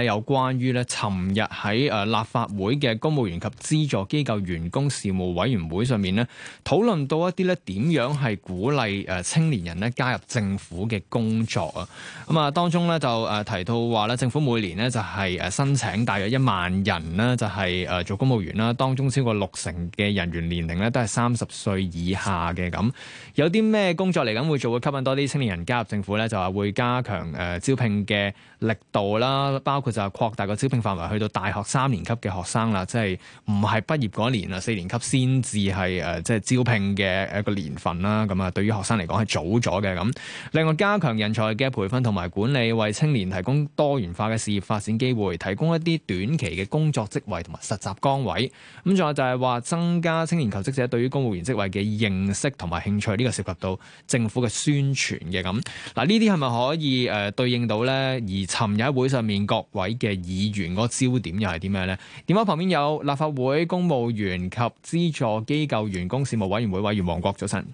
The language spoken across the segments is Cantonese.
你有關於咧，尋日喺誒立法會嘅公務員及資助機構員工事務委員會上面咧，討論到一啲咧點樣係鼓勵誒青年人咧加入政府嘅工作啊。咁啊，當中咧就誒提到話咧，政府每年咧就係誒申請大約一萬人咧，就係誒做公務員啦。當中超過六成嘅人員年齡咧都係三十歲以下嘅咁。有啲咩工作嚟緊會做，會吸引多啲青年人加入政府咧？就係會加強誒招聘嘅力度啦，包。佢就係擴大個招聘範圍，去到大學三年級嘅學生啦，即係唔係畢業嗰年啊，四年級先至係誒，即係招聘嘅一個年份啦。咁啊，對於學生嚟講係早咗嘅。咁，另外加強人才嘅培訓同埋管理，為青年提供多元化嘅事業發展機會，提供一啲短期嘅工作職位同埋實習崗位。咁仲有就係話增加青年求職者對於公務員職位嘅認識同埋興趣。呢個涉及到政府嘅宣傳嘅咁。嗱，呢啲係咪可以誒對應到咧？而尋日喺會上面各位嘅議員個焦點又係點樣咧？電話旁邊有立法會公務員及資助機構員工事務委員會委員黃國，早晨，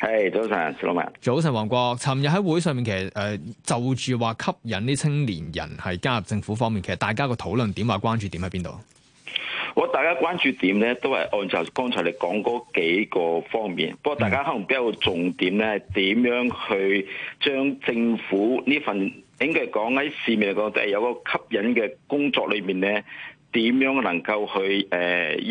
係、hey, 早晨，朱老早晨黃國，尋日喺會上面，其實誒、呃、就住話吸引啲青年人係加入政府方面，其實大家個討論點或關注點喺邊度？我大家關注點咧，都係按照剛才你講嗰幾個方面。不過大家可能比較重點咧，點樣去將政府呢份？應該講，喺市面嚟講，就係、是、有個吸引嘅工作裏面咧，點樣能夠去誒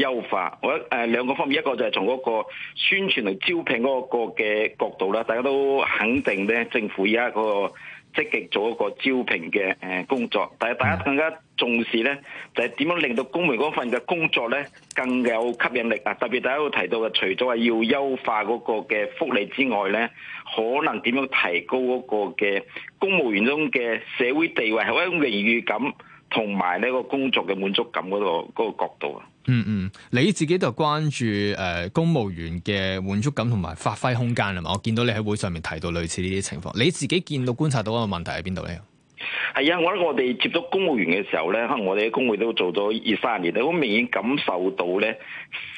優、呃、化？我誒兩、呃、個方面，一個就係從嗰個宣傳同招聘嗰、那個嘅、那個、角度啦。大家都肯定咧，政府而家嗰個。積極做一個招聘嘅誒工作，但係大家更加重視咧，就係點樣令到公務員嗰份嘅工作咧更有吸引力啊！特別大家會提到嘅，除咗話要優化嗰個嘅福利之外咧，可能點樣提高嗰個嘅公務員中嘅社會地位，係一種榮譽感。同埋呢個工作嘅滿足感嗰度個角度啊，嗯嗯，你自己就關注誒公務員嘅滿足感同埋發揮空間係嘛？我見到你喺會上面提到類似呢啲情況，你自己見到觀察到嗰個問題喺邊度咧？係啊，我覺得我哋接觸公務員嘅時候咧，可能我哋喺工會都做咗二三十年，好明顯感受到咧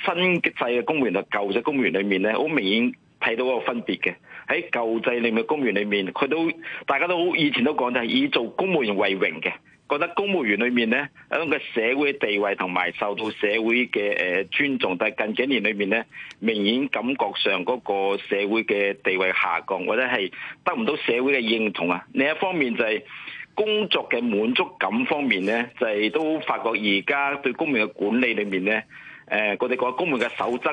新制嘅公務員同舊制嘅公務員裡面咧，好明顯睇到個分別嘅。喺舊制入面嘅公務員裡面，佢都大家都好以前都講就係以做公務員為榮嘅。覺得公務員裏面咧，喺個社會地位同埋受到社會嘅尊重，但係近幾年裏面咧，明顯感覺上嗰個社會嘅地位下降，或者係得唔到社會嘅認同啊。另一方面就係工作嘅滿足感方面咧，就係、是、都發覺而家對公民嘅管理裏面咧，誒、呃，我哋講公民嘅守則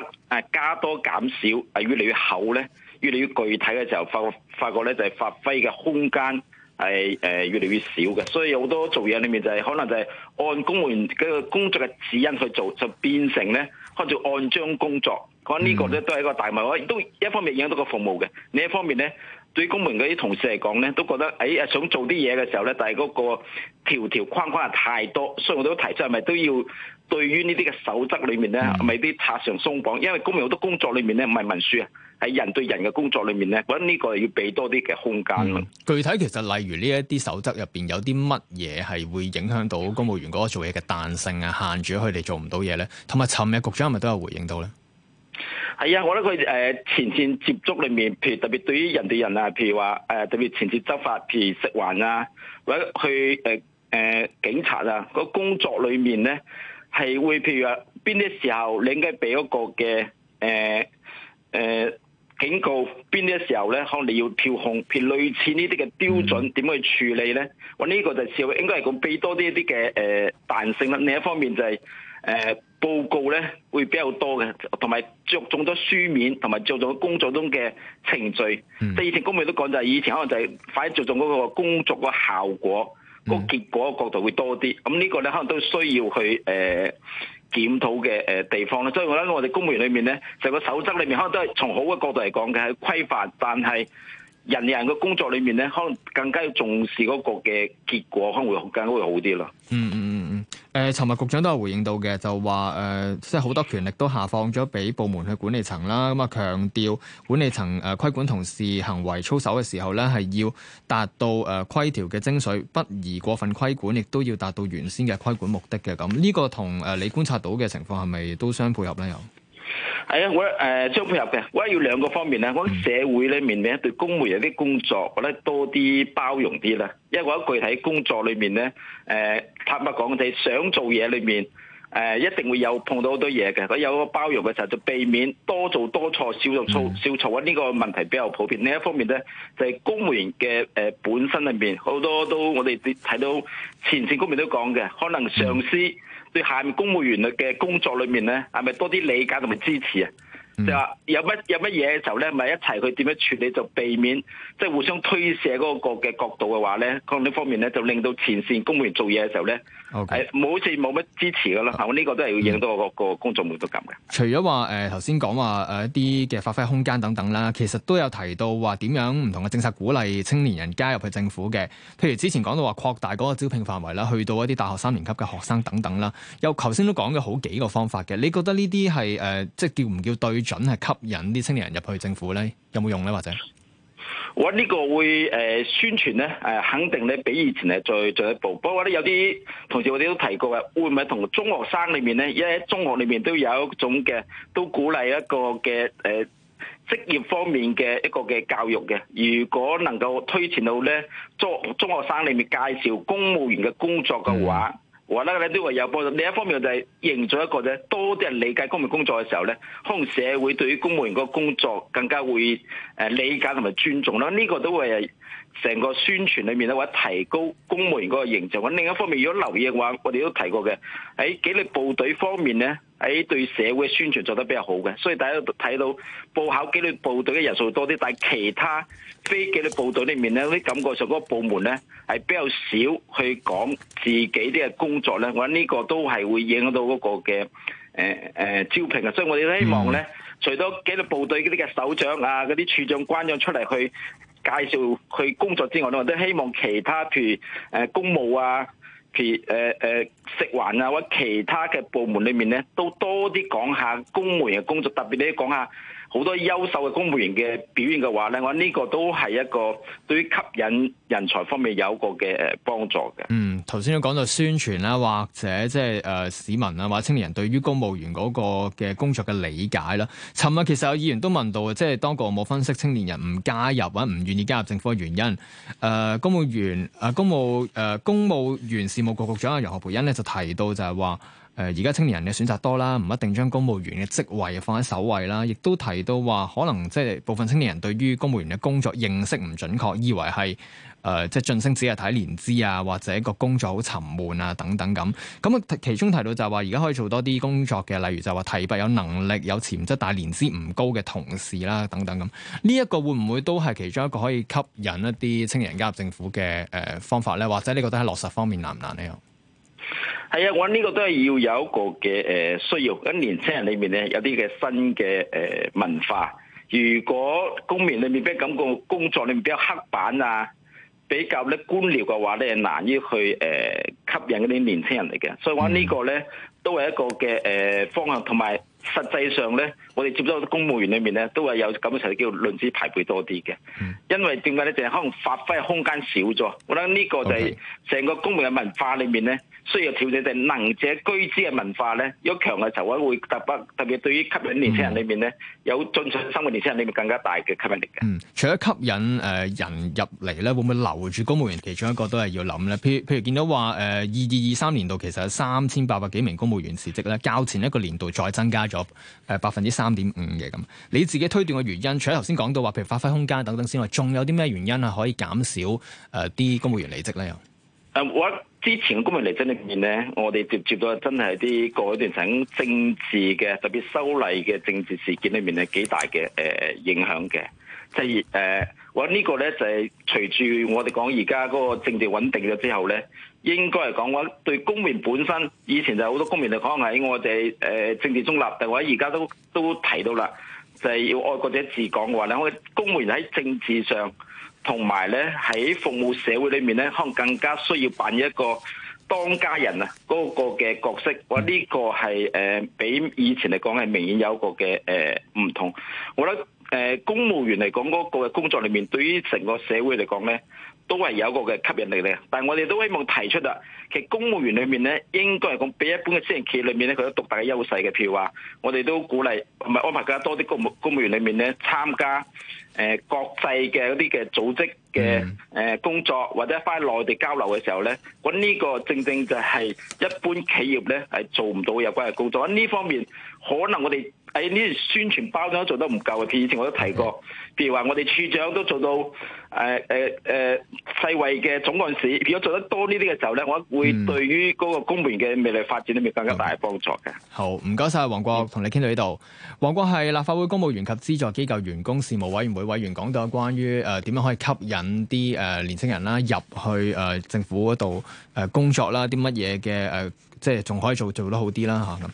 加多減少啊，越嚟越厚咧，越嚟越具體嘅時候，發,發覺呢咧就係發揮嘅空間。係誒，越嚟越少嘅，所以好多做嘢裏面就係、是、可能就係按公務員嘅工作嘅指引去做，就變成咧按照按章工作。講呢個咧都係一個大問題，都一方面影響到個服務嘅，另一方面咧對公務員嗰啲同事嚟講咧都覺得誒，想做啲嘢嘅時候咧，但係嗰個條條框框係太多，所以我都提出係咪都要。對於呢啲嘅守則裏面咧，係咪啲塔上鬆綁？因為公務好多工作裏面咧唔係文書啊，係人對人嘅工作裏面咧，我覺得呢個要俾多啲嘅空間咯、嗯。具體其實例如呢一啲守則入邊有啲乜嘢係會影響到公務員嗰個做嘢嘅彈性啊，限住佢哋做唔到嘢咧，同埋尋日局長係咪都有回應到咧。係啊，我覺得佢誒前線接觸裏面，譬如特別對於人對人啊，譬如話誒特別前線執法，譬如食環啊，或者去誒誒、呃呃、警察啊，嗰個工作裏面咧。係會譬如話，邊啲時候你應該俾一個嘅誒誒警告？邊啲時候咧可能你要調控，譬如類似呢啲嘅標準點去處理咧？我、哦、呢、這個就係、是、社會應該係咁俾多啲一啲嘅誒彈性啦。另一方面就係、是、誒、呃、報告咧會比較多嘅，同埋着重咗書面，同埋着重工作中嘅程序。即、嗯、以前公務員都講就係以前可能就係快着重嗰個工作個效果。個、mm -hmm。結果嘅角度會多啲，咁呢個咧可能都需要去誒檢討嘅誒地方咧。所以我覺得我哋公務員裏面咧，就個、是、守則裏面可能都係從好嘅角度嚟講嘅係規範，但係人人嘅工作裏面咧，可能更加要重視嗰個嘅結果，可能會更加會好啲咯。嗯嗯嗯嗯。誒、呃，尋日局長都有回應到嘅，就話誒、呃，即係好多權力都下放咗俾部門去管理層啦。咁啊，強調管理層誒、呃、規管同事行為操守嘅時候咧，係要達到誒、呃、規條嘅精髓，不宜過分規管，亦都要達到原先嘅規管目的嘅。咁呢個同誒、呃、你觀察到嘅情況係咪都相配合咧？又？係啊，我誒、呃、相配合嘅。我要兩個方面咧，我覺得社會裏面面對公務員啲工作我覺得，我咧多啲包容啲啦。因為我喺具體工作裏面咧，誒、呃、坦白講嘅，想做嘢裏面，誒、呃、一定會有碰到好多嘢嘅。佢有個包容嘅時候，就避免多做多錯少做少錯啊！呢、這個問題比較普遍。另一方面咧，就係、是、公務員嘅、呃、本身裏面，好多都我哋睇到前線公務員都講嘅，可能上司。對下面公務員嘅工作裏面咧，係咪多啲理解同埋支持啊？嗯、有乜有乜嘢時候咧，咪一齊去點樣處理，就避免即係互相推卸嗰個嘅角度嘅話咧，嗰呢方面咧，就令到前線公務員做嘢嘅時候咧，好冇似冇乜支持噶啦。呢、okay, 個都係要影到個個工作滿足感嘅、嗯嗯。除咗話誒頭先講話一啲嘅發揮空間等等啦，其實都有提到話點樣唔同嘅政策鼓勵青年人加入去政府嘅。譬如之前講到話擴大嗰個招聘範圍啦，去到一啲大學三年級嘅學生等等啦，又頭先都講嘅好幾個方法嘅。你覺得呢啲係即叫唔叫對？準係吸引啲青年人入去政府咧，有冇用咧？或者我呢、這個會誒宣傳咧誒，肯定咧比以前係再進一步。不過咧有啲同事我哋都提過嘅，會唔會同中學生裏面咧，因為中學裏面都有一種嘅，都鼓勵一個嘅誒、呃、職業方面嘅一個嘅教育嘅。如果能夠推前到咧中中學生裏面介紹公務員嘅工作嘅話。嗯我咧咧都有幫助，另一方面就係營造一個咧多啲人理解公務員工作嘅時候咧，可能社會對於公務員個工作更加會誒理解同埋尊重啦，呢個都會。成個宣傳裏面咧，或者提高公務員嗰個形象。咁另一方面，如果留意嘅話，我哋都提過嘅，喺紀律部隊方面咧，喺對社會宣傳做得比較好嘅，所以大家都睇到報考紀律部隊嘅人數多啲，但係其他非紀律部隊裏面咧，啲感覺上嗰個部門咧係比較少去講自己啲嘅工作咧，我諗呢個都係會影響到嗰個嘅誒誒招聘，嘅所以我哋都希望咧、嗯，除咗紀律部隊嗰啲嘅首長啊、嗰啲處長、關長出嚟去。介紹佢工作之外，我都希望其他譬如誒、呃、公務啊，譬如誒誒、呃呃、食環啊，或者其他嘅部門裏面咧，都多啲講下公務員嘅工作，特別咧講下。好多優秀嘅公務員嘅表現嘅話咧，我諗呢個都係一個對於吸引人才方面有一個嘅誒幫助嘅。嗯，頭先都講到宣傳啦，或者即係誒市民啊，或者青年人對於公務員嗰個嘅工作嘅理解啦。尋日其實有議員都問到，即係當局冇分析青年人唔加入或者唔願意加入政府嘅原因，誒、呃，公務員誒、呃、公務誒、呃、公務員事務局局長啊，楊何蓓茵咧就提到就係話。誒而家青年人嘅選擇多啦，唔一定將公務員嘅職位放喺首位啦。亦都提到話，可能即係部分青年人對於公務員嘅工作認識唔準確，以為係誒即係晉升只係睇年資啊，或者個工作好沉悶啊等等咁。咁其中提到就係話，而家可以做多啲工作嘅，例如就話提拔有能力、有潛質但係年資唔高嘅同事啦等等咁。呢、這、一個會唔會都係其中一個可以吸引一啲青年人加入政府嘅誒、呃、方法咧？或者你覺得喺落實方面難唔難呢？係啊，我呢個都係要有一個嘅誒需要，咁年青人裏面咧有啲嘅新嘅誒文化。如果公務員裏面比較感覺工作裏面比較刻板啊，比較咧官僚嘅話咧，難於去誒吸引嗰啲年青人嚟嘅。所以我呢個咧都係一個嘅誒方向，同埋。實際上咧，我哋接觸到公務員裏面咧，都係有咁嘅情況叫論資排輩多啲嘅、嗯。因為點解咧？就係可能發揮嘅空間少咗。我諗呢個就係成個公務員嘅文化裏面咧，需要調整就能者居之嘅文化咧。有強嘅就位會特別特別對於吸引年輕人裏面咧、嗯，有進取生活年輕人裏面更加大嘅吸引力嘅。嗯，除咗吸引誒人入嚟咧，會唔會留住公務員？其中一個都係要諗咧。譬如譬如見到話誒二二二三年度其實有三千八百幾名公務員辭職咧，較前一個年度再增加咗。有誒百分之三點五嘅咁，你自己推斷嘅原因，除咗頭先講到話，譬如發揮空間等等之外，仲有啲咩原因係可以減少誒啲、呃、公務員離職咧？又、嗯、誒，我之前嘅公務員離職裏面咧，我哋接接到真係啲過嗰段層政治嘅，特別修例嘅政治事件裏面係幾大嘅誒、呃、影響嘅。即係誒，呃、這個、我呢個咧就係隨住我哋講而家嗰個政治穩定咗之後咧，應該嚟講嘅話，對公務員本身以前就好多公務員嚟講喺我哋誒、呃、政治中立，定或者而家都都提到啦，就係、是、要愛國者治港嘅話咧，我哋公務員喺政治上同埋咧喺服務社會裏面咧，可能更加需要扮演一個當家人啊嗰個嘅角色。我、呃、呢、這個係誒、呃、比以前嚟講係明顯有一個嘅誒唔同。我覺得。誒公務員嚟講嗰個嘅工作裏面，對於成個社會嚟講咧，都係有一個嘅吸引力嘅。但係我哋都希望提出啦，其實公務員裏面咧，應該係講比一般嘅私人企業裏面咧，佢有獨大嘅優勢嘅。譬如話，我哋都鼓勵唔係安排加多啲公務公務員裏面咧參加誒、呃、國際嘅嗰啲嘅組織嘅誒工作，或者翻喺內地交流嘅時候咧，咁呢個正正就係一般企業咧係做唔到有關嘅工作。喺呢方面，可能我哋。喺呢啲宣傳包裝做得唔夠嘅。佢以前我都提過，譬如話我哋處長都做到誒誒誒世衛嘅總幹事，如果做得多呢啲嘅時候咧，我會對於嗰個公務員嘅未來發展咧，咪更加大嘅幫助嘅、嗯。好，唔該晒，黃國，同、嗯、你傾到呢度。黃國係立法會公務員及資助機構員工事務委員會委員，講到關於誒點、呃、樣可以吸引啲誒、呃、年輕人啦入去誒、呃、政府嗰度誒工作啦，啲乜嘢嘅誒，即係仲可以做做得好啲啦嚇咁。嗯嗯。